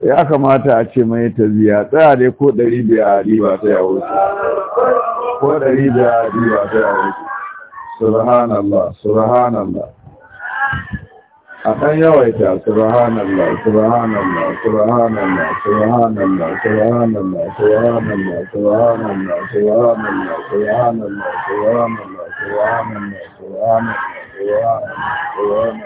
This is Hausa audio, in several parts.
ya kamata a ce mai taziya tsaya dai ko ɗari biya a riba ta ya wuce ko ɗari biya a riba ta yawo subhanallah subhanallah a ɗan yawaita subhanallah subhanallah subhanallah subhanallah subhanallah subhanallah subhanallah subhanallah subhanallah subhanallah subhanallah subhanallah subhanallah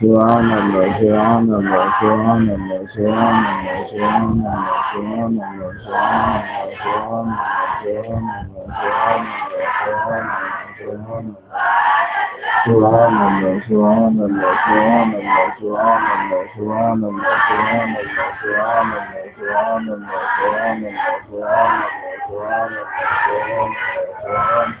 Geronimo, Geronimo, Geronimo, Geronimo, Geronimo, Geronimo, Geronimo, Geronimo, Geronimo, Geronimo, Geronimo, Geronimo, Geronimo, Geronimo, Geronimo,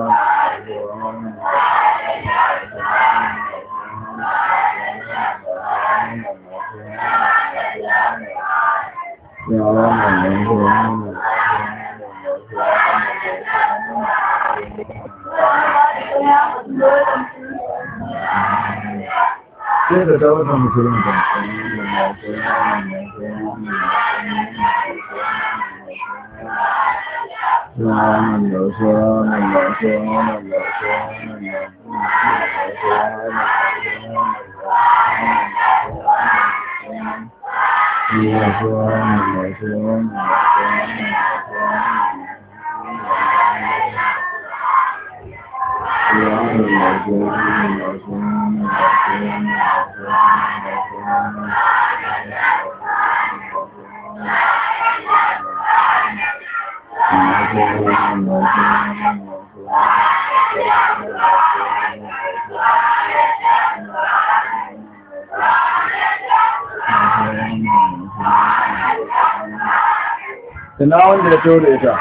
musulunta Tana wanda ya taho ita,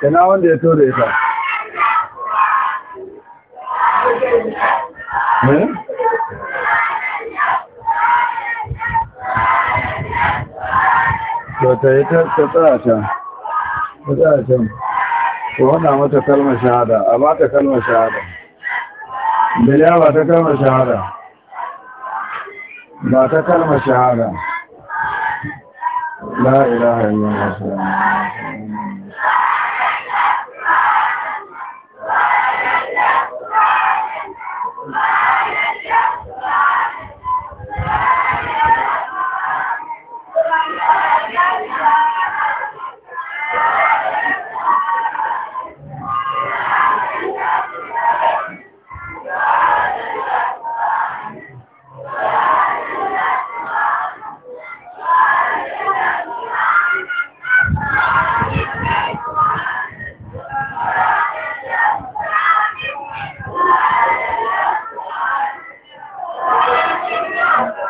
tana wanda ya taho eh? yi ta tsara can. ku a can ku wada mata kalmar shahada a ba ta kalmar shahada biliya ba ta kalmar shahada ba ta kalmar shahada la ilaha illallah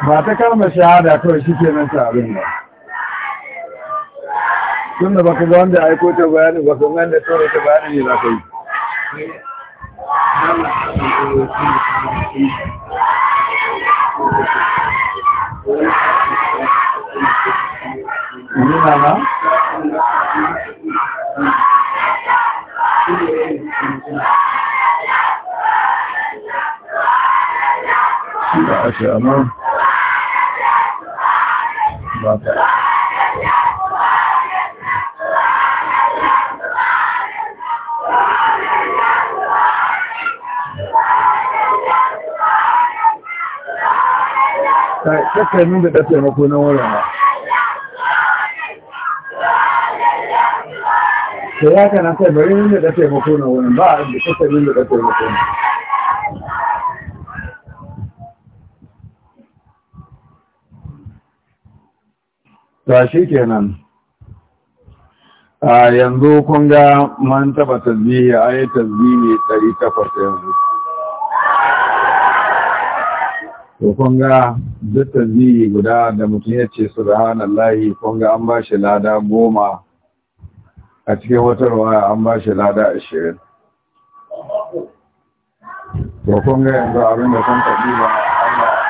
ba ta kama shahada kawai shi ke nan abin ba tun da baka ga wanda ya aiko ta bayani ba kan wanda kawai ta bayani ne za ka yi Nuna na? Ba a shi amma bata kakkanin da ɗafe mako na wurin ba ta yaka na kai bari yin da ɗafe mako na wurin ba a da kakkanin da ɗafe mako na ta kenan a yanzu kun ga man taba tasbihi a yi tasbihi takwas yanzu to kun ga duk tasbihi guda da mutum ya ce subhanallahi kun ga an ba shi lada goma a cikin wata ruwa an ba shi lada ashirin to kun ga yanzu abin da kun ba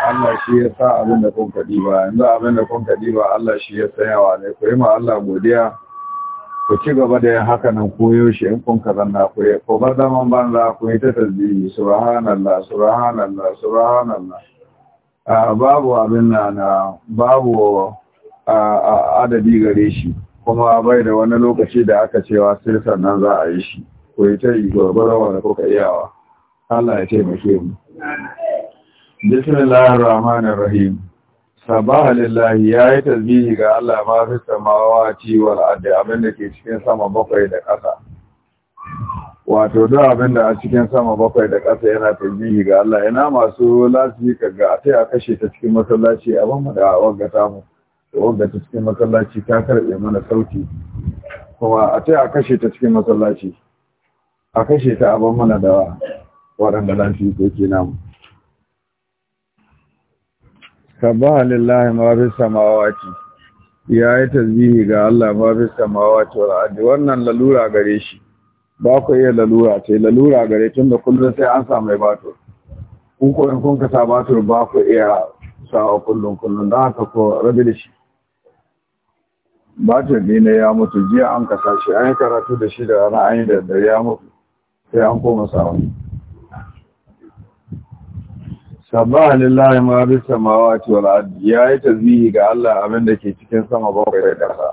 Allah shi ya sa abin da kun kaɗi ba yanzu abin da kun kaɗi ba Allah shi ya sayawa ne ku yi ma Allah godiya ku ci gaba da yin haka nan koyo shi in kun kazan na ku yi ko bar zaman banza ku yi ta tasbihi subhanallah subhanallah subhanallah babu abin na na babu adadi gare shi kuma bai da wani lokaci da aka cewa sai sannan za a yi shi ku yi ta yi da wanda kuka iyawa Allah ya taimake mu bismillahir rahmanir rahim sabaha lillahi yayi tasbihi ga Allah ma fi samawati wal ardi abinda ke cikin sama bakwai da ƙasa wato duk abinda a cikin sama bakwai da ƙasa yana tasbihi ga Allah ina masu lasi kaga a sai a kashe ta cikin masallaci a ban da wagga ta mu wagga ta cikin masallaci ta karbe mana sauti kuma a sai a kashe ta cikin masallaci a kashe ta a ban mana da waɗanda lafi ko ke namu sabaha lillahi ma fi samawati ya yi tasbihi ga Allah ma fi samawati wa ardi wannan lalura gare shi ba ku iya lalura ce lalura gare tun da kullu sai an samu mai bato kun ko in kun ka sa bato ba ku iya sawa kullum kullum da haka ko rabi da shi bato ne ya mutu jiya an kasa shi an yi karatu da shi da rana an yi da ya mutu sai an koma sawa sabbaha lillahi ma bi samawati wal ardi yi tasbihi ga Allah abin da ke cikin sama bakwai da ƙasa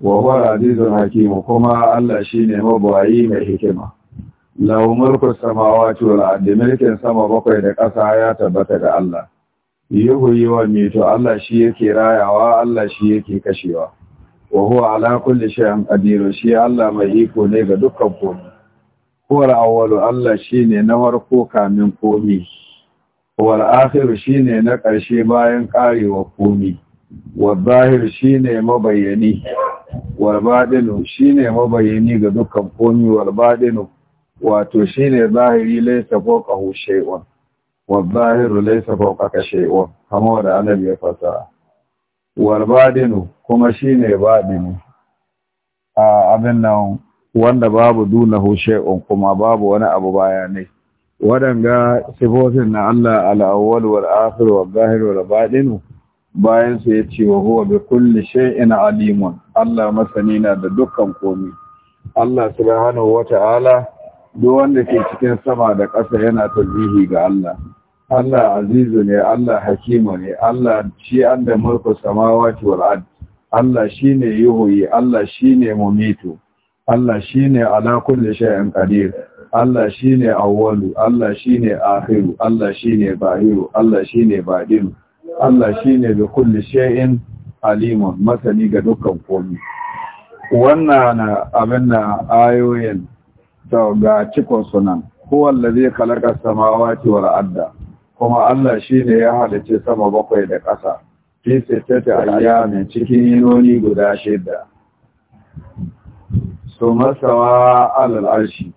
wa huwa azizun hakim kuma Allah shine mabawayi mai hikima lahu mulku samawati wal ardi mulkin sama bakwai da ƙasa ya tabbata ga Allah yuhyi wa to Allah shi yake rayawa Allah shi yake kashewa wa huwa ala kulli shay'in qadir shi Allah mai iko ne ga dukkan komai huwa al-awwalu Allah shine na farko kamin komai wal akhir shine na ƙarshe bayan karewa komi wa zahir shine mabayani wal batinu shine mabayani ga dukkan komi wal batinu wato shine zahiri laysa fawqa shay'a wal zahiru laysa fawqa shay'a kamar da annabi ya fasara wal batinu kuma shine batinu a abin nan wanda babu dunahu shay'un kuma babu wani abu bayanai waɗanga sifofin na Allah al'awwal wa al’afir wa zahir wa baɗinu bayan su ya ce wa huwa bi kulli shay'in alimun Allah masani na da dukkan komi Allah subhanahu wata'ala duk wanda ke cikin sama da ƙasa yana tasbihi ga Allah Allah azizu ne Allah hakimu ne Allah shi an da mulku samawati wal ard Allah shine yuhyi Allah shine mumitu Allah shine ala kulli shay'in qadir Allah shi ne awwalu, Allah shi ne ahiru, Allah shi ne bahiru, Allah shi ne badiru, Allah shi ne da kulle sha'in alimun masani ga dukkan komi. Wannan na abin na ayoyin ta ga cikon sunan, kowalla zai kalakar samawa cewar adda, kuma Allah shi ne ya halice sama bakwai da ƙasa, ta sittata ayyamin cikin yinoni guda shida? So masawa alal arshi.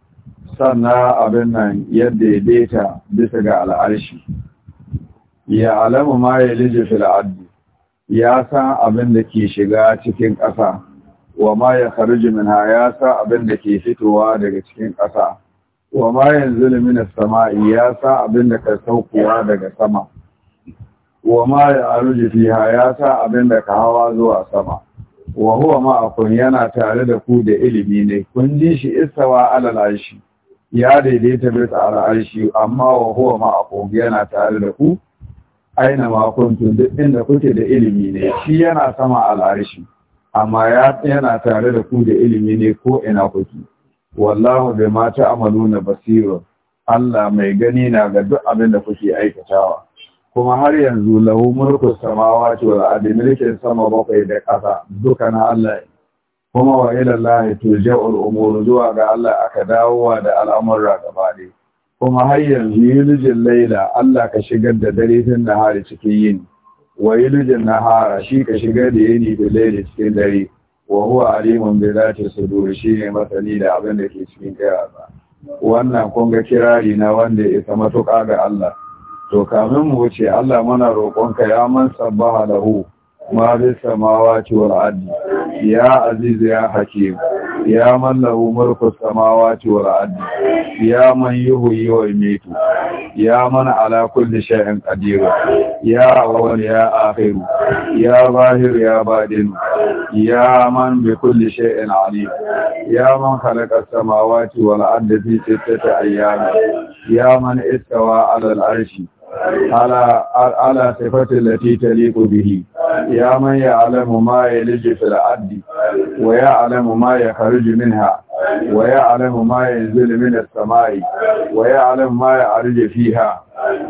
sannan abin nan ya daidaita bisa ga al'arshi ya alamu ma ya lije fil’addu, ya san abin da ke shiga cikin ƙasa wa ma ya kharji minha ya san abin da ke fitowa daga cikin ƙasa wa ma yanzilu minas sama'i ya san abin da ka saukowa daga sama wa ma ya aruji fiha ya san abin da ka hawa zuwa sama wa huwa yana tare da ku da ilimi ne kun ji shi isawa alal'ashi ya daidaita bisa al'arshi amma wa huwa kogi yana tare da ku aina ma kuntum duk inda kuke da ilimi ne shi yana sama al'arshi amma ya yana tare da ku da ilimi ne ko ina kuke wallahu bima ta'maluna basirun Allah mai gani na ga duk abin da kuke aikatawa kuma har yanzu lahu mulku samawati wal ardi mulkin sama bakwai da ƙasa duka na Allah ne kuma wa lahi turja'ul umuru zuwa ga Allah aka dawowa da al'amurra gaba ne kuma har yanzu yulijin laila Allah ka shigar da dare tun nahari cikin yini wa yulijin nahara shi ka shigar da yini da laili cikin dare wa huwa alimun bi zati sudur shi ne masani da abin da ke cikin kiyama wannan kun ga kirari na wanda ya isa matuƙa ga Allah to kamin mu wuce Allah muna roƙonka ya man sabbaha lahu ma bis samawati wal ardi ya aziz ya hakim ya man lahu mulku samawati wal ardi ya man yuhyi wa yumiitu ya man ala kulli shay'in qadir ya awwal ya akhir ya zahir ya batin ya man bi kulli shay'in alim ya man khalaqa as-samawati wal ardi fi sittati ayyam ya man istawa ala al-arshi ala sifati lati taliqu bihi ya man ya'lamu ma yaliju fil addi wa ya'lamu ma yakhruju minha wa ya'lamu ma yanzilu min samai wa ya'lamu ma ya'ruju fiha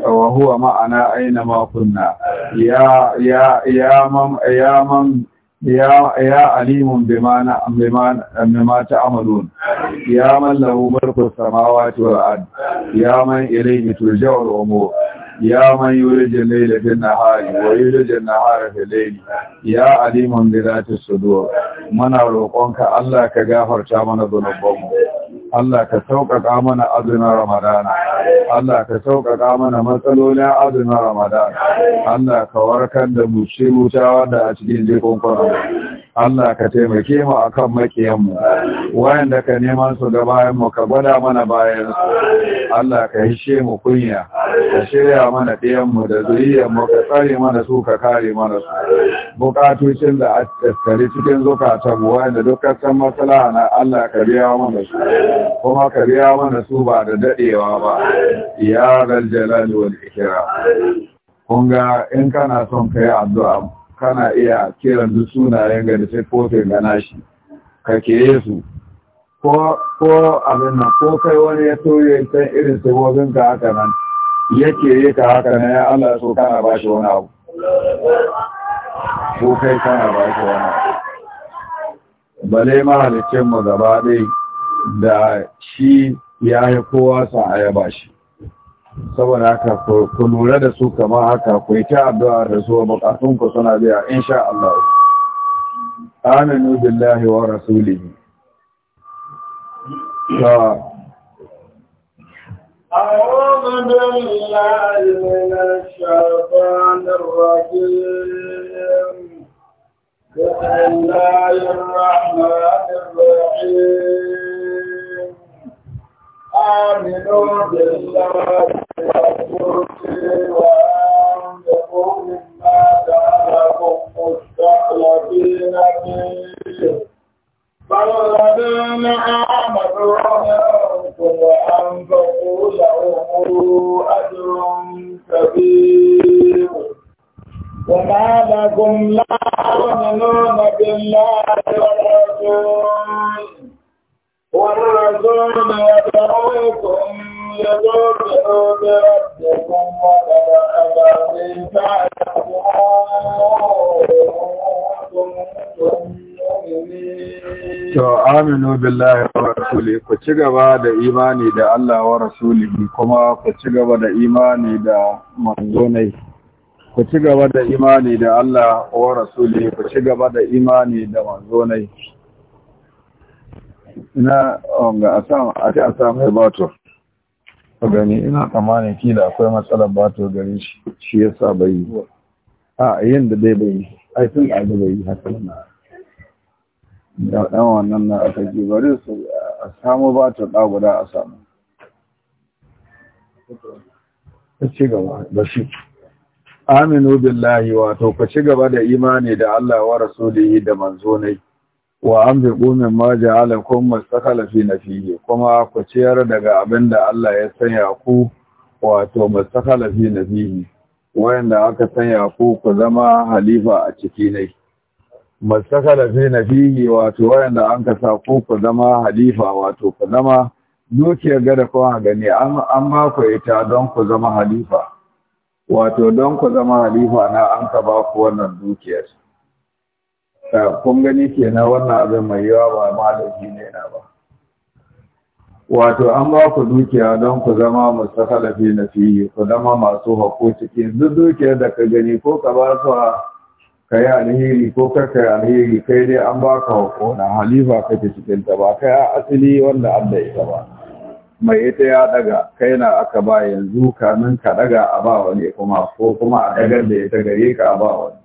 wa huwa ma'ana ayna ma kunna ya ya ya alimun bima na bima bima ta'malun ya man lahu mulku as-samawati wal ya man ilayhi turja'u al-umur يا من يولج الليل في النهار ويولج النهار في الليل يا عليم بذات الصدور من روقك الله كغفرت من ذنوبنا Allah ka sauƙaƙa mana azumin Ramadana Allah ka sauƙaƙa mana matsalolin azumin Ramadana Allah ka warkar da mu shi mutawa da a cikin jikunkunan Allah ka taimake mu akan makiyanmu wayanda ka neman su ga bayan mu ka gwada mana bayan su Allah ka hishe mu kunya ka shirya mana ɗiyan mu da zuriyar mu ka tsare mana su ka kare mana su bukatocin da a tsakari cikin zukatan mu wayanda dukkan san na Allah ka biya mana su kuma ka biya mana su ba da dadewa ba ya zal jalali wal ikira. kun ga in kana son kai addu'a kana iya kiran duk sunayen ga da sai kofin gana shi ka kere su ko ko abin nan ko kai wani ya toye san irin sabobin ka haka nan yake yi ka haka nan ya Allah so kana ba shi wani abu ko kai kana ba shi wani abu bale mahalicin mu gaba ɗaya da shi ya yi kowa sa ayaba shi saboda haka ku lura da su kama haka ku yi ta abuwa da su bukatun ku suna biya insha Allah aminu billahi wa rasulihi أعوذ بالله من الشيطان الرجيم بسم الله الرحمن الرحيم آمنوا بالله ورسوله وأنفقوا مما جعلكم مستخلفين فيه فالذين آمنوا منكم وأنفقوا لهم أجر كبير وما لكم لا تؤمنون بالله والرسول aminu billahi wa rasuli ku ci gaba da imani da Allah wa rasuli kuma ku ci gaba da imani da manzonai ku ci gaba da imani da Allah wa rasuli ku ci gaba da imani da manzonai ina a ce a samu batur a gani ina ki kila akwai matsalar batur gani shi shi ya sa bai yi a yin da dai bai yi ai sun ɗaga bai yi haka na da ɗan wannan na aka ji bari su a samu batur ɗa guda a samu ta ci gaba da shi aminu billahi wato ka ci gaba da imani da Allah wa rasulihi da manzonai wa an bi ƙumin ma ja'ala kun mastakala fi na fiye kuma ku ciyar daga abin da Allah ya sanya ku wato mastakala fi na fiye wayanda aka sanya ku ku zama halifa a ciki ne mastakala fi na fiye wato wayanda an ka sa ku ku zama halifa wato ku zama dukiyar gada kuma gani an ma ku ita don ku zama halifa wato don ku zama halifa na an ka ba ku wannan dukiyar Eh, kun gani kenan wannan abin mai yawa ba malami ne na ba wato an ba ku dukiya don ku zama halafi na fiye ku zama masu hako cikin duk dukiyar da ka gani ko ka ba su ka yi alheri ko ka yi alheri kai dai an ba ka haƙo na halifa kake cikin ta ba kai asali wanda an da ita ba mai ita ya daga kai na aka ba yanzu kamin ka daga a ba wani kuma ko kuma a dagar da ita gare ka a ba wani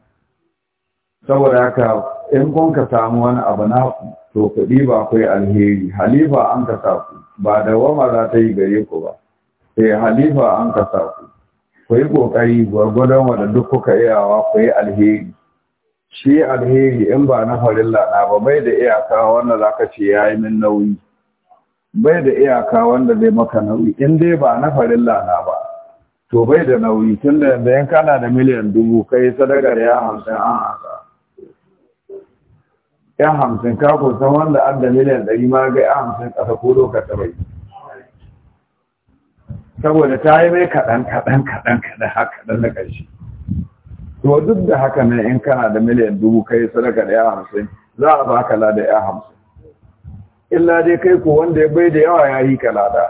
saboda haka in kun ka samu wani abu na to kuɗi ba kai alheri halifa an ka sa ku ba da wama za ta yi gare ku ba sai eh, halifa an ka sa ku ku yi ƙoƙari gwargwadon wanda duk kuka iyawa ku yi alheri shi alheri in ba na farilla na ba bai da iyaka wanda za ka ce ya yi min nauyi bai da iyaka wanda zai maka nauyi in dai ba na farilla na ba to bai da nauyi tun da yanzu yan kana da miliyan dubu kai sadakar ya hamsin an haka yan hamsin ka san wanda an da miliyan ɗari ma ga yan hamsin ƙasa ko lokata bai saboda ta yi mai kaɗan kaɗan kaɗan kaɗan haka ɗan da ƙarshe to duk da haka ne in kana da miliyan dubu kai sadaka da yan hamsin za a baka lada yan hamsin illa dai kai ko wanda ya bai da yawa ya yi ka lada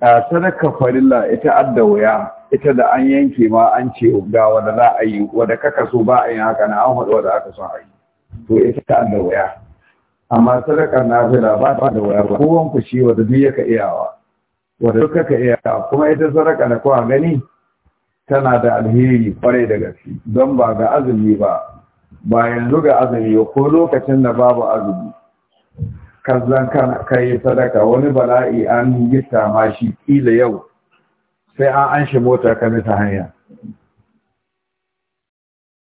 a sadaka farilla ita adda wuya ita da an yanke ma an ce ga wanda za a yi wanda kaka so ba a yi haka na an haɗu wanda aka so a yi to ita ta da waya amma sadaka sadakar nafila ba ta da waya ba kowan ku shi wanda duk yaka iyawa wanda duk ka iyawa kuma ita sadaka na kowa gani tana da alheri kwarai da gaske don ba ga azumi ba ba yanzu ga azumi ko lokacin da babu azumi kazan kan kai sadaka wani bala'i an gita ma shi kila yau sai an an shi mota ka bisa hanya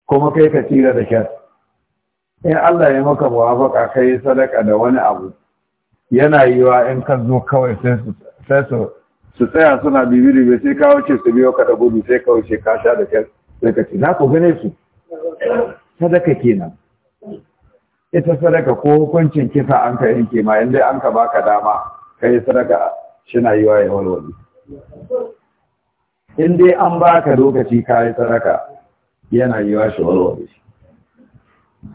kuma kai ka tsira da kyau. in Allah ya maka ka kai sadaka da wani abu yana yiwa in ka zo kawai sai su su tsaya suna bibiri bai sai ka wuce su biyo ka da gudu sai ka wuce ka sha da ke sai ka ce na ku gane su sadaka kenan ita sadaka ko hukuncin kisa an ka yanke ma inda an ka baka dama ka yi sadaka shina yi wa ya walwali in dai an baka lokaci ka yi sadaka yana yi wa shi walwali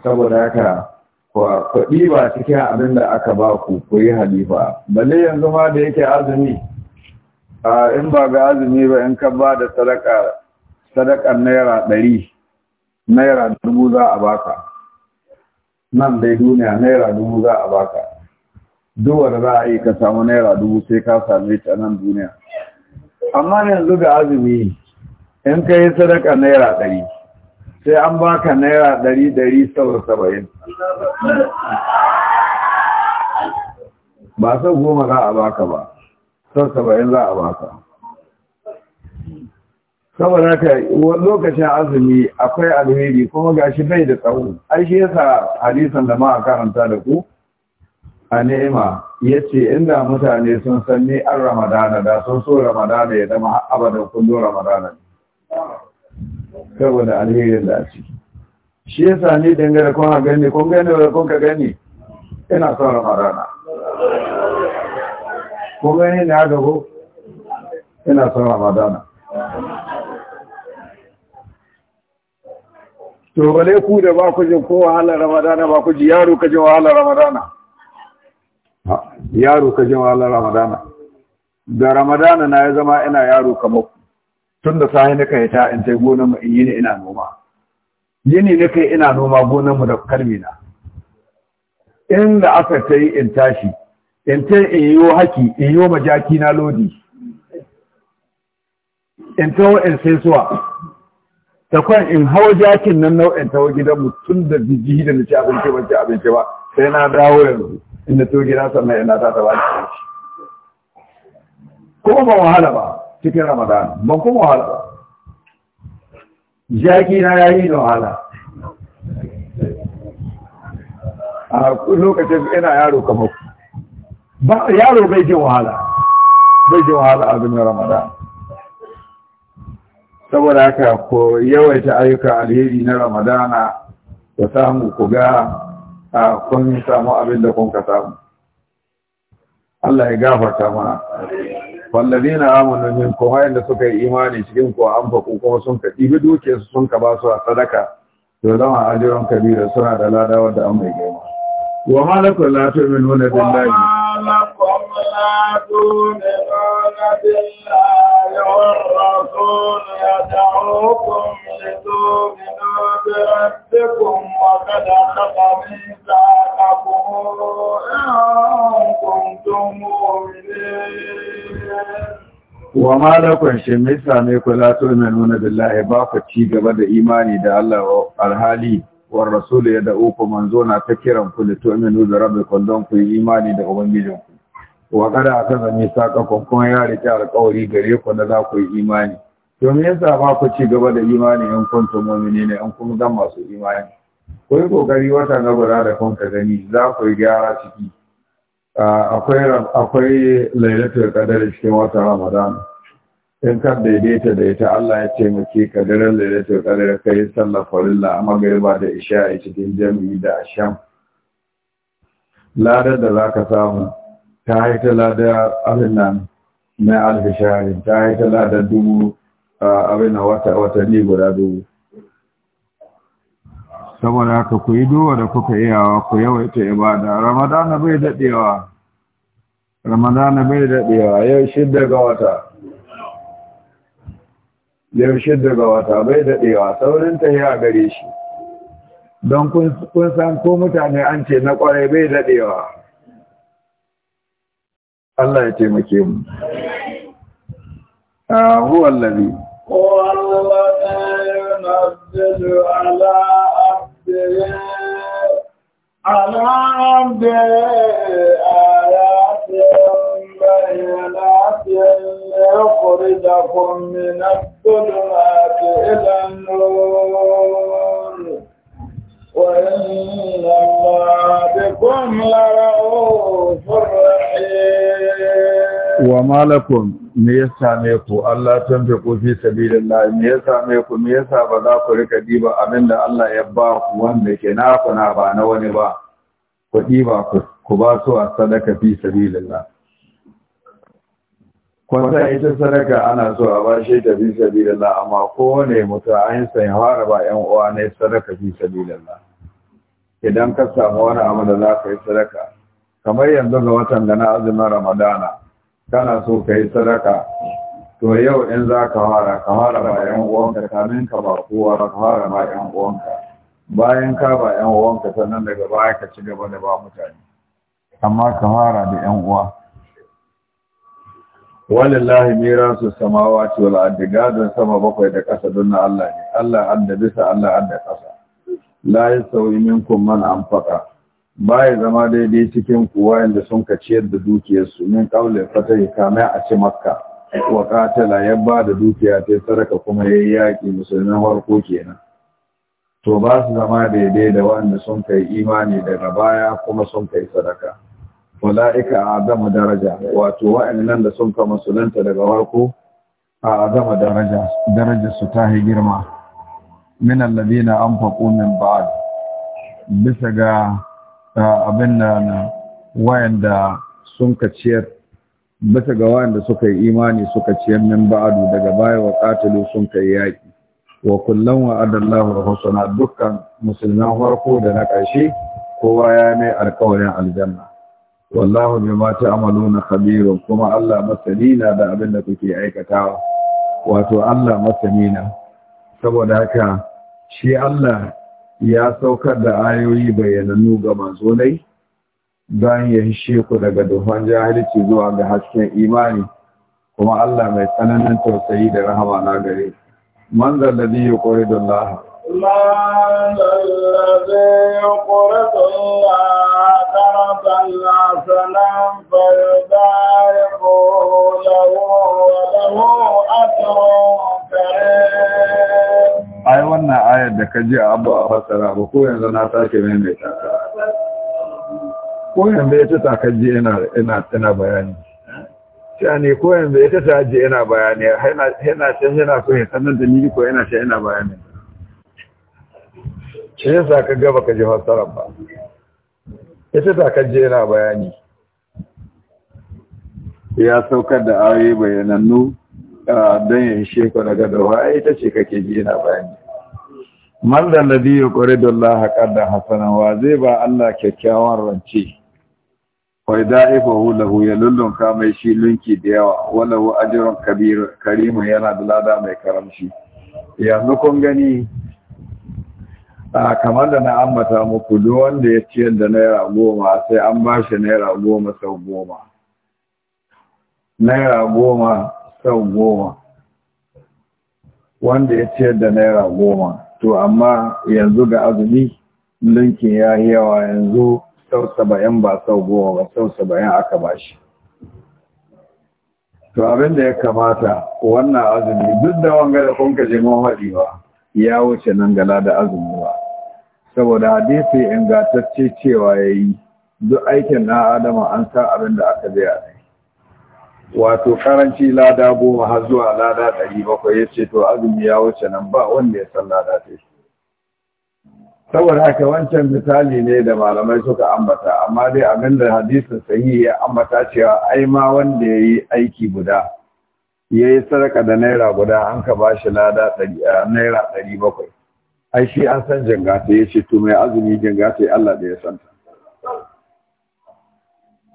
saboda haka kwaɗi ba cikin abin da aka ba ku ku yi halifa balle yanzu ma da yake azumi a in ba ga azumi ba in ka ba da sadaka sadakar naira ɗari naira dubu za a baka nan dai duniya naira dubu za a baka duwar za a yi ka samu naira dubu sai ka same ta nan duniya amma yanzu ga azumi in ka yi sadaka naira ɗari sai an baka naira ɗari ɗari saba'in ba sau goma za a baka ba sau saba'in za a baka saboda ka lokacin azumi akwai alheri kuma ga shi bai da tsawo ai shi yasa hadisan da ma karanta da ku a ne'ima ya ce inda mutane sun san ni an ramadana da sun so ramadana ya zama abadan kullum ramadana ne saboda alherin da a ciki shi ya sami dangane kuma a gani kun gani wadda kuma ka gani ina son ramadana kun gani ne haka ko ina son ramadana to bale ku da ba ku jin hala wahalar ramadana ba ku ji yaro ka jin wahalar ramadana yaro ka jin wahalar ramadana da ramadana na ya zama ina yaro kamar ku tun da sahi na kai ta in tai gonar mu in yi ne ina noma yini ne kai ina noma gonar mu da karmi na in da aka tai in tashi in tai in yi haki in ma jaki na lodi in tawo in sai suwa ta kwan in hawa jakin nan nau'in tawo gidan mu tun da jijji da nace abinci ban ci abinci ba sai na dawo yanzu inda to gida sannan ina ta ta shi ko ba wahala ba cikin ramadan ban kuma wahala jaki na yayi da wahala a lokacin ina yaro kamar ba yaro bai jin wahala bai jin wahala a azumin ramadan saboda haka ko yawaita ayyuka alheri na ramadana ku samu ku ga kun samu abin da kun ka samu Allah ya gafarta mana wallazina na min ko da suka yi imani cikin ko an faku kuma sun ka ɗibi su sun ka ba su a sadaka to zama ajiran kabira suna da lada da amai mai girma wa malaku la tu'minuna billahi wa malaku la billahi wa rasul yad'ukum Wa بربكم وقد خطى ميثاقكم إن كنتم مؤمنين wa mai same ku la ba ku ci gaba da imani da Allah alhali wa rasul ya da uku manzo na ta kiran ku da tu'minu da rabbikum kwallon ku yi imani da ubangijinku wa kada aka zame saka kun kuma ya rike alƙawari gare ku na za ku yi imani domin ya sa ku ci gaba da imani 'yan kuntum momini ne an kuma zan masu imani ko yi kokari wata na guda da kanka gani za ku yi gyara ciki akwai akwai kadar da cikin wata ramadan in ka daidaita da ita Allah ya taimake ka daren kadar ka kai sallar farilla a magariba da isha'i cikin jami'i da asham ladar da za ka samu ta haita ladar abin nan na alfishari ta haita ladar dubu abin na watanni guda dubu saboda haka ku yi duwa da kuka iyawa ku yawaita ibada ramadana bai daɗewa ramadana bai daɗewa yau shidda ga wata yau shidda ga wata bai daɗewa saurin ta yi a gare shi don kun san ko mutane an ce na ƙwarai bai daɗewa Allah ya taimake mu. Huwallabi. هو الذي ينزل على عبده على عبده آيات بينات ليخرجكم من الظلمات إلى النور وإن الله بكم لرؤوف رحيم wa malakum me ya same ku Allah ku fi sabilillah me ya same ku me yasa ba za ku rika diba abinda Allah ya ba ku wanda ke naku na ba na wani ba ku diba ku ku ba su a sadaka fi sabilillah kwanta ita sadaka ana so a shi ta fi sabilillah amma kowane mutum an sai fara ba yan uwa ne sadaka fi sabilillah idan ka samu wani abu da za ka yi sadaka kamar yanzu ga watan da na azumin ramadana kana so ka yi sadaka to yau in za ka fara ka fara ba yan uwanka kamin ka ba kowa ka fara ba yan uwanka bayan ka ba yan uwanka sannan daga baya ka ci gaba da ba mutane amma ka fara da yan uwa walillahi mirasu samawati wal ardi gadon sama bakwai da ƙasa don Allah ne Allah adda bisa Allah adda ƙasa la yasawi minkum man anfaqa baya zama daidai cikin kuwa inda sun ka ciyar da dukiyarsu min fata ya kama a ci makka wa katala ya ba da dukiya ta saraka kuma ya yi yaƙi musulman harko kenan to ba su zama daidai da wanda sun kai imani daga baya kuma sun kai sadaka wala'ika a azama daraja wato wa'annan da sun ka musulunta daga harko a azama daraja daraja su ta girma min an faƙo min ba'ad. bisa ga abin na wayanda sun ka ciyar bisa ga wayanda suka yi imani suka ciyar min ba'adu daga baya wa katilu sun kai yaƙi wa kullum wa adallahu dukkan musulman farko da na ƙarshe kowa ya mai alƙawarin aljanna wallahu amalu na Kabiru kuma Allah na da abin da kuke aikatawa wato Allah masanina saboda haka shi Allah ya saukar da ayoyi bayyanannu ga mazonai don ya hishe ku daga duhan jahilci zuwa ga hasken imani kuma Allah mai tsananin tausayi da rahama na gare man zallabi ya kori don laha Allah ai wannan ayar da ka ji a abu a fasara ba ko yanzu na sake maimaita ta ko yanzu ya ta takaji ina bayani cewa ne ko yanzu ya ta taji ina bayani yana shi yana so ya da ni ko yana shi yana bayani shi yasa ka gaba ka ji fasara ba ya ta takaji ina bayani ya saukar da ayoyi bayanannu don ya sheku daga dawa ita ce kake ji na bayani man da biyu ya da Allah da hasanan wa zai ba Allah kyakkyawan rance wai da'ifahu lahu ya lullun kamai shi lunki da yawa walahu ajrun Kabiru? karimu yana da lada mai karamci yanzu kun gani a kamar da na ambata muku duk wanda ya ciyar da naira goma sai an ba shi naira goma sau goma naira goma kan goma wanda ya ciyar da naira goma to amma yanzu ga azumi linkin ya yi yawa yanzu sau saba'in ba sau goma ba sau saba'in aka ba shi to abin da ya kamata wannan azumi duk da wanga da kun kaje mawaɗi ba ya wuce nan gala da azumi ba saboda hadisi ingantacce cewa ya yi duk aikin na adama an san abin da aka zai ne wato karanci lada goma har zuwa lada ɗari bakwai ya ce to azumi ya wuce nan ba wanda ya san lada ta yi. saboda haka wancan misali ne da malamai suka ambata amma dai abin da hadisin sahi ya ambata cewa ai ma wanda ya yi aiki guda ya yi sadaka da naira guda an ka ba shi lada naira ɗari bakwai ai shi an san jangata ya ce to mai azumi jangata ya Allah da ya santa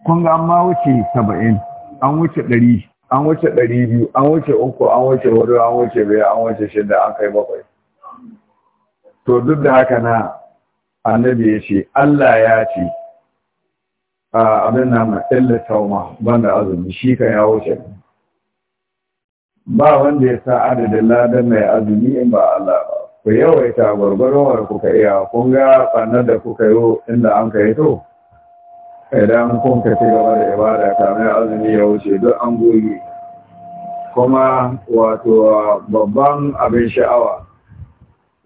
kun ga amma wuce saba'in an wuce ɗari an wuce ɗari biyu an wuce uku an wuce hudu an wuce biyar an wuce shida an kai bakwai to duk da haka na annabi ya ce Allah ya ce abin na matsalla tauma banda azumi shi ka ya wuce ba wanda ya sa adadin ladan mai azumi in ba Allah ba ku yawaita gwargwaron kuka iya kun ga da kuka yi inda an kai to idan kun ka ci gaba da ibada kamar azumi ya wuce duk an goge kuma wato babban abin sha'awa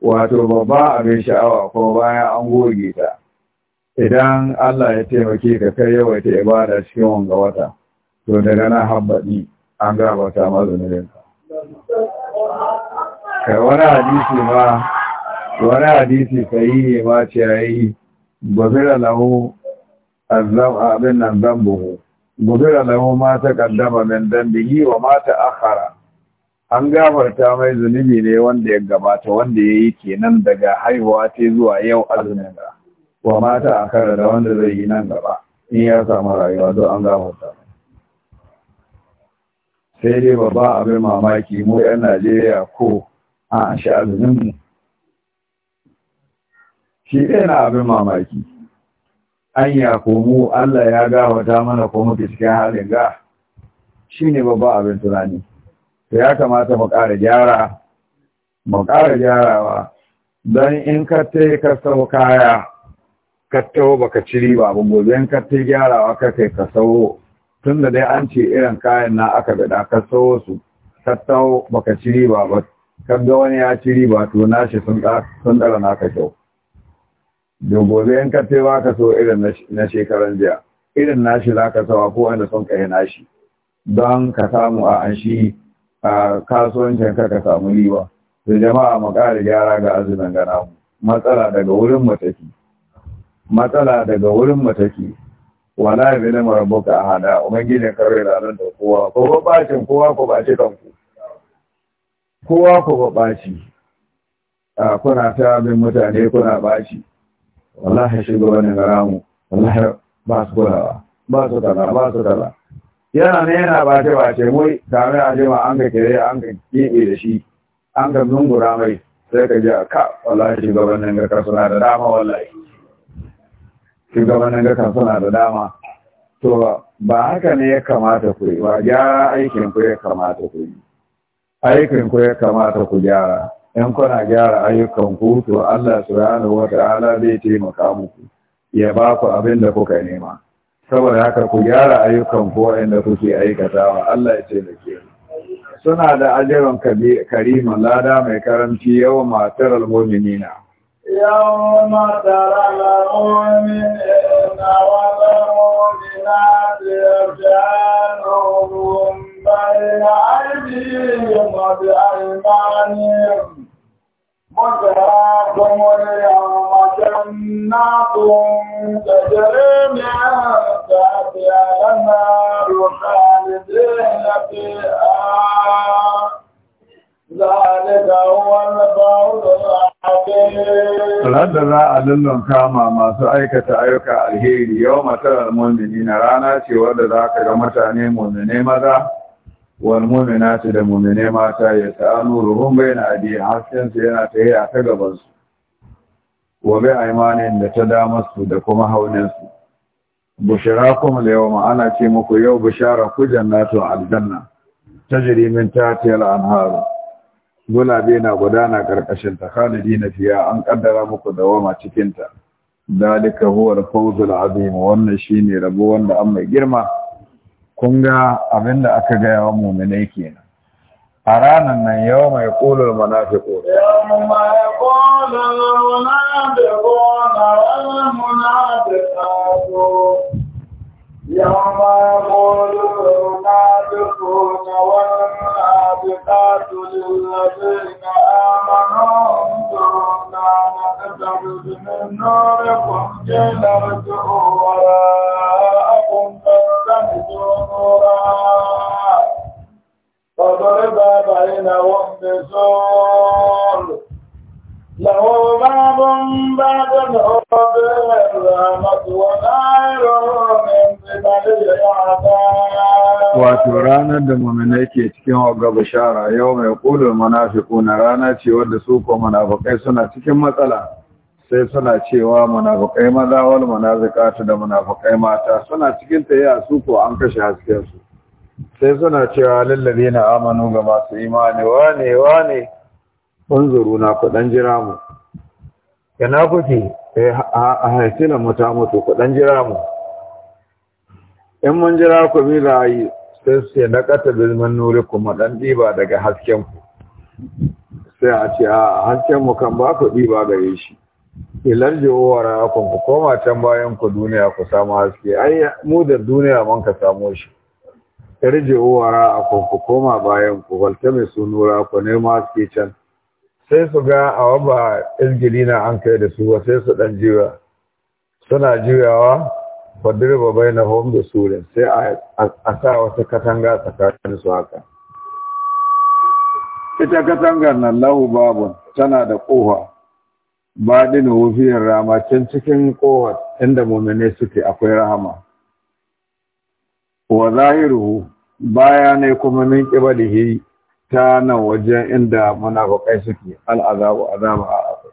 wato babba abin sha'awa kuma bayan an goge ta idan Allah ya taimake ka kai yawaita ibada cikin wanga wata to daga nan habbaɗi an gabata mazuninka kai wani hadisi ma wani hadisi sahihi ma ce yayi gobira lahu abin nan zambuhu gudura lahu ma ta kaddama min dambihi wa ma ta akhara an gafarta mai zunubi ne wanda ya gabata wanda ya yi kenan daga haihuwa ta zuwa yau azumin da wa ma ta akhara da wanda zai yi nan gaba in ya samu rayuwa don an gafarta sai dai ba abin mamaki mu 'yan najeriya ko a shi azumin mu shi ɗaya na abin mamaki anya komu Allah ya gawata mana ko muke cikin halin ga shine babban abin tunani to ya kamata mu ƙara gyara mu ƙara gyarawa don in ka tai ka sau kaya ka taho baka ci riba ba gobe in ka yi gyarawa ka kai ka sau tun da dai an ce irin kayan na aka bada ka sau su ka taho baka ci riba ba kaga wani ya ciri riba to nashi sun ɗara naka kyau gobe 'yan ka ba ka so irin na shekaran jiya irin nashi za ka sawa ko wanda ka kai nashi don ka samu a an shi a kasuwancin ka ka samu riba to jama'a mu ƙara gyara ga azumin gana matsala daga wurin take matsala daga wurin take wala bi na marabuka hada ubangijin kare da nan da kowa ko bacin kowa ko bace kanku kowa ko babaci kuna ta bin mutane kuna baci wallahi shugabannin garamu wallahi ba su kulawa ba su kaza ba su kaza yana ne yana bace bace mai tare a jima an ka kere an ka kebe da shi an ka zungura mai sai ka ji a ka wallahi shugabannin garka suna da dama wallahi shugabannin garka suna da dama to ba haka ne ya kamata ku yi ba gyara aikin ku ya kamata ku yi aikin ku ya kamata ku gyara in kuna gyara ayyukan ku to Allah subhanahu wata'ala zai taimaka muku ya ba ku abin da kuka nema saboda haka ku gyara ayyukan ku wanda kuke aikatawa Allah ya taimake ku suna da ajiran karima lada mai karamci yawan matar almominina يوم ترى المؤمنين والمؤمنات يرجعونهم بين أيديهم وبأيمانهم مجراكم اليوم جنات تجري من تحتها الانهار خالدين فيها ذلك هو الفوز Salat da za a lullun kama masu aikata ayyuka alheri yau matsalar mulmini na rana ce wadda za ka ga mutane muminai maza والمؤمنات المؤمنين ما يتأنورهم بين أدي حسن سينا تهي أتقبز وبأيمان لتدامس دكما هونس بشراكم اليوم أنا تيمك يو بشارة جنات الجنة تجري من تحتها الأنهار قل بينا قدانا كركشن خالدين فيها أن قدر مك دوما تكنت ذلك هو الفوز العظيم والنشين ربو وأن أمي جرمه kunga abinda aka gaya wa mummina yake a ranar nan yau mai ƙulul mana fi ƙulul mai ƙulul mana fi ƙulul mana fi ƙulul mana fi ƙulul mana fi ƙulul mana fi ƙulul mana fi ƙulul mana fi ƙulul mana wato ranar da muminai ke cikin wagga bishara yau mai manafi munafiquna rana ce wadda su kuma munafikai suna cikin matsala sai suna cewa munafukai maza wal munazikatu da munafukai mata suna cikin tayya su ko an kashe hasken su sai suna cewa na amanu ga masu imani wane wane unzuru na ku dan jira mu yana kuke eh, a haitinan mu ta mutu ku dan jira mu in mun jira ku bi da yi sai su ce na kata bilman nuri kuma dan diba daga hasken ku sai a ce a hasken mu kan ba ku diba gare shi ilarje wara akon ku koma can bayan ku duniya ku samu haske ai mu da duniya man ka samu shi irje wara akon ku koma bayan ku walta mai sunura ku nema haske can sai su ga a waba izgilina an kai da su ba sai su dan jiwa suna jiwawa juyawa ba bai na home da surin sai a sa wata katanga tsakanin su haka ita katangar nan lahu babun tana da kofa baɗin wufiyar rama can cikin ƙofar inda mummune suke akwai rahama wa zahiru baya ne kuma min ƙiba ƙibalihi ta nan wajen inda munafukai suke al'azabu azaba a abu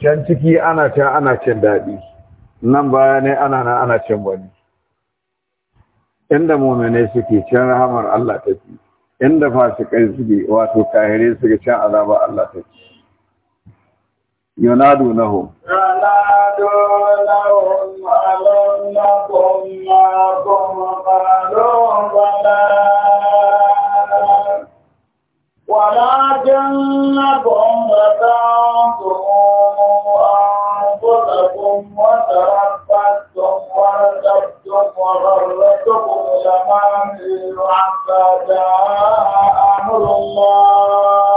can ciki ana can ana cin daɗi nan baya ne ana nan ana cin wani inda mummune suke can rahamar Allah ta take inda fasikai suke wato kahire suke can azaba Allah ta take yunadu lahum yunadu lahum alam nakum ma'akum qalu bala ولكن لكم متعتم أنفسكم وتربصتم وارتبتم وغرتكم الأماني حتى جاء أمر الله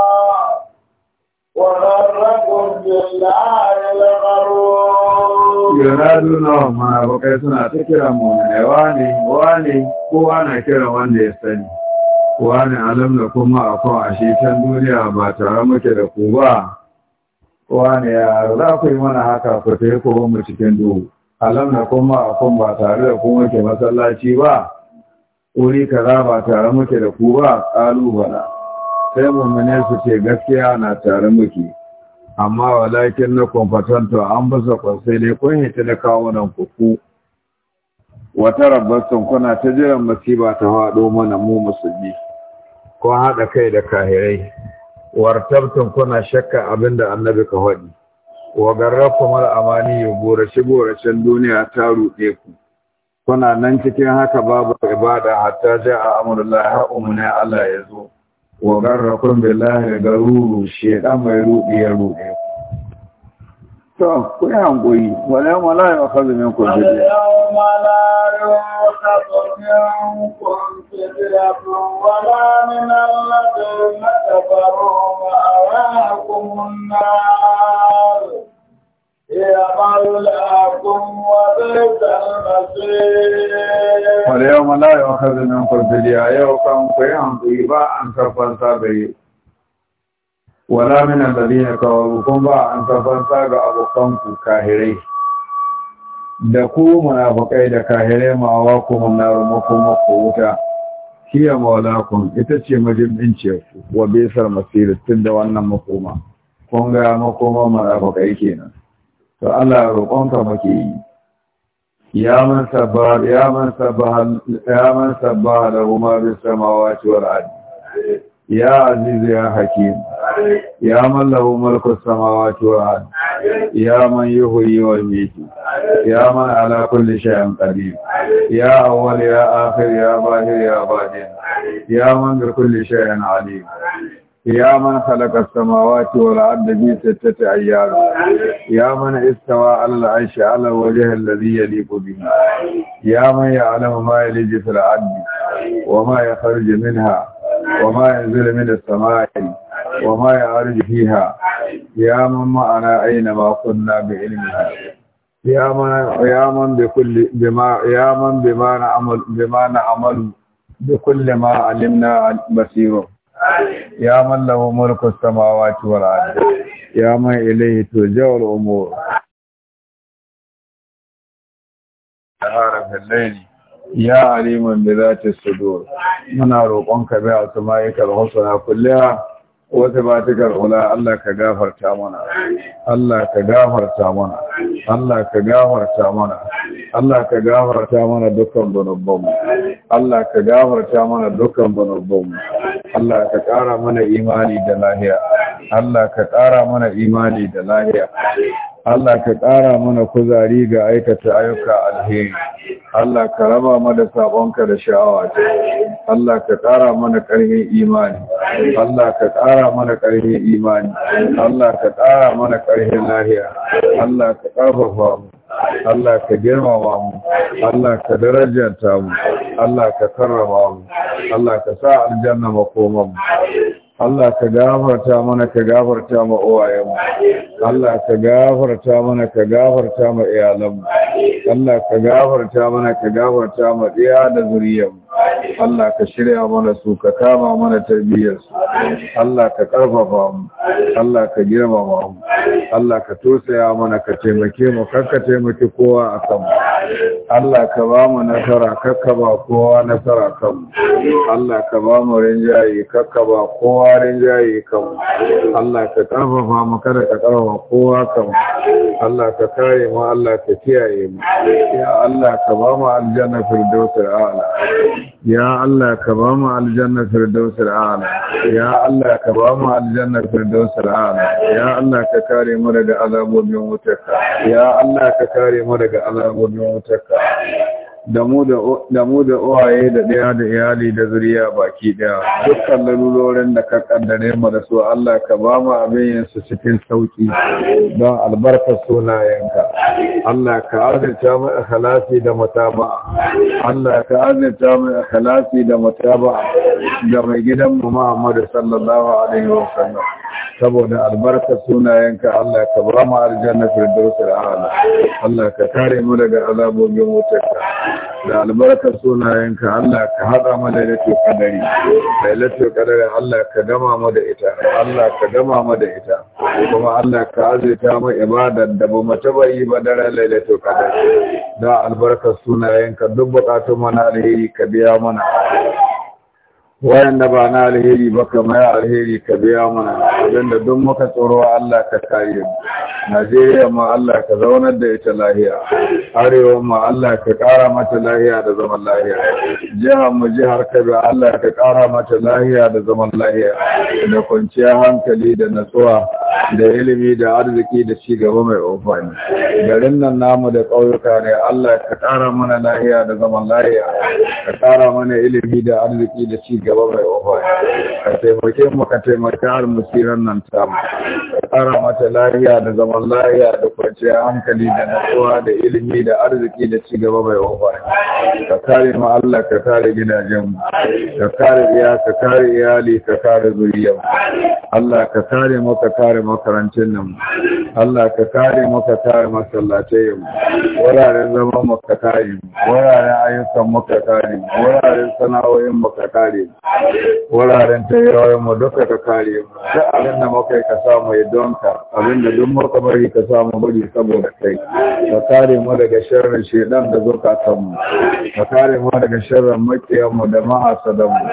بالله الغرور ينادونهم ما بقي سنة تكرا مؤمنين واني واني وانا كرا واني يستني wani alam da kuma akwai a shekan duniya ba tare muke da ku ba wani ya za ku yi mana haka ku ta ko mu cikin duhu alam da kuma akwai ba tare da ku muke masallaci ba wuri kaza ba tare muke da ku ba ƙalubala sai mu mummune su ce gaskiya na tare muke amma walakin na kwamfatanta an basa kwansai ne kun hita na nan kuku wata rabbasun kuna ta jiran masiba ta haɗo mana mu musulmi ko haɗa kai da kahirai wartabtun kuna shakka da annabi ka faɗi wa amani ya gorashi gorashen duniya ta ruɗe ku kuna nan cikin haka babu ibada hatta ja'a amrullahi har umuna Allah ya zo wa garrakun billahi garuru shedan mai rudi ya rude to ku yi hankuri wala yawma la yu'khadhu minkum fidya yawma la Kwalewa malayi wa kazinan kwarfiliya yau kan kwayan kuyi ba an karfanta gare. Wala minan da zina kawo kun ba an karfanta ga abokanku kahirai. Da ku munafukai da kahirai mawa ku munar maku wuta. Hiya maulakun ita ce majibin ku wa besar masirin tun da wannan makoma. Kun ga makoma kenan. to Allah roƙonka muke yi ya man sabbar ya man sabbar ya man da kuma ma samawa ci wal ardi ya aziz ya hakim ya man lahu mulku samawati wa ardi ya man yuhyi wa yumiti ya man ala kulli shay'in qadir ya awwal ya akhir ya zahir ya batin ya man bi kulli shay'in alim يا من خلق السماوات والأرض في ستة أيام يا من استوى على العيش على الوجه الذي يليق به يا من يعلم ما يلج في العدل وما يخرج منها وما ينزل من السماء وما يعرج فيها يا من معنا أينما كنا بعلمها يا من يا من بكل بما يا من بما نعمل بما نعمل بكل ما علمنا بصيره يا من له ملك السماوات والارض يا من اليه ترجع الامور نهار الليل يا عليم بذات الصدور منا روقك بها سمائك الحسنى كلها wata batikar hula, Allah ka gafarta mana Allah ka gafarta mana Allah ka gafarta mana Allah ka gafarta mana dukkan banabbanmu Allah ka gafarta mana dukkan banabbanmu Allah ka ƙara mana imani da lahiya Allah ka ƙara mana imani da lahiya Allah ka ƙara mana kuzari ga aikata ayyuka alheri Allah ka raba mana sabonka da sha'awa ta Allah ka ƙara mana ƙarfin imani Allah ka ƙara mana ƙarfin imani Allah ka ƙara mana ƙarfin lahiya Allah ka ƙarfafa mu Allah ka girmama mu Allah ka darajanta mu Allah ka karrama mu Allah ka sa aljanna makoman mu Allah ka gafarta mana ka gafarta ma uwayenmu Allah ka gafarta mana ka gafarta ma iyalanmu Allah ka gafarta mana ka gafarta ma diya da zuriyarmu Allah ka shirya mana su ka kama mana tarbiyyarsu Allah ka ƙarfafa mu Allah ka girmama mu Allah ka tosaya mana ka taimake mu ka taimake kowa a mu, Allah ka ba mu nasara ka ba kowa nasara mu Allah ka ba mu rinjaye ka ba kowa rinjaye mu Allah ka ƙarfafa mu kada ka ƙarfafa kowa mu Allah ka kare mu Allah ka kiyaye mu ya Allah ka ba mu aljanna firdausul a'la ya Allah ka ba mu aljanna firdausul a'la ya Allah ka ba mu aljanna firdausul ya Allah ka kare mu daga azabobin wutarka ya Allah ka kare mu daga azabobin wutarka Damu da uwaye da ɗaya da iyali da zuriya baki ɗaya dukkan lalurorin da ka kaddare mu da su Allah ka ba mu abin yin su cikin sauki don albarkar sunayenka Allah ka azurta mu ikhlasi da mutaba Allah ka azurta mu ikhlasi da mutaba ga mai gidan mu Muhammad sallallahu alaihi wa sallam saboda albarkar sunayenka Allah ka ba mu aljanna firdausul a'la Allah ka kare mu daga azabobin wutarka da albarkar sunayenka Allah ka hada mu da kadari da lailatul kadari Allah ka gama mu da ita Allah ka gama mu da ita kuma Allah ka azaita mu ibadar da ba mu taba yi ba daren lailatul da albarkar sunayenka duk bukatun mu na alheri ka biya mana wayanda ba na alheri ba kamar alheri ka biya mana abinda duk muka tsoro Allah ka kare mu Najeriya ma Allah ka zaunar da ita lahiya arewa ma Allah ka ƙara mata lahiya da zaman lahiya jihar mu jihar Kabe Allah ka kara mata lahiya da zaman lahiya da kwanciya hankali da natsuwa da ilimi da arziki da ci gaba mai ofani. garin nan namu da ƙauyuka ne Allah ka kara mana lahiya da zaman lahiya ka ƙara mana ilimi da arziki da ci gaba mai wafa ka taimake mu ka taimaka har musiran nan ta ƙara mata lariya da zaman lariya da kwanciyar hankali da natsuwa da ilimi da arziki da ci gaba mai wafa ka kare mu Allah ka kare gidajen mu ka kare iya ka kare iyali ka kare zuriyar Allah ka kare mu ka kare makarantun nan Allah ka kare mu ka kare masallatai mu wuraren zaman mu ka kare mu wuraren ayyukan mu ka kare mu wuraren sana'o'in mu ka kare mu wuraren tayoyin mu duka ka kare mu duk abin da muka ka samu ya donka abin da duk muka bari ka samu bari saboda kai ka kare mu daga sharrin shedan da zukatan mu ka kare mu daga sharrin makiyan mu da ma'asadan mu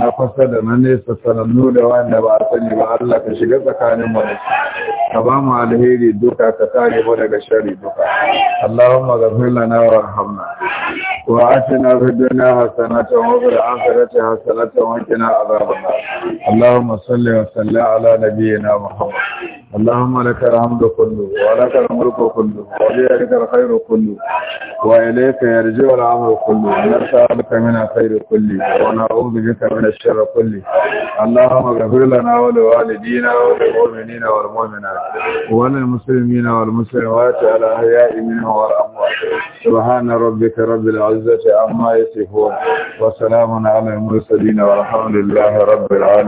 na kusa da na nesa sanannu da wanda ba a sani ba Allah ka shiga tsakanin mu ka ba mu alheri duka ka kare mu daga sharri duka Allahumma ghfir lana warhamna wa atina fid dunya hasanatan wa fil akhirati hasanatan wa qina adhaban Allahumma salli wa salli ala nabiyyina Muhammad اللهم لك الحمد كله ولك الملك كله وبيدك الخير كله وإليك يرجع الأمر كله نسألك من الخير كله ونعوذ بك من الشر كله اللهم اغفر لنا ولوالدينا وللمؤمنين والمؤمنات وللمسلمين والمسلمات على الأحياء منهم والأموات سبحان ربك رب العزة عما يصفون وسلام على المرسلين والحمد لله رب العالمين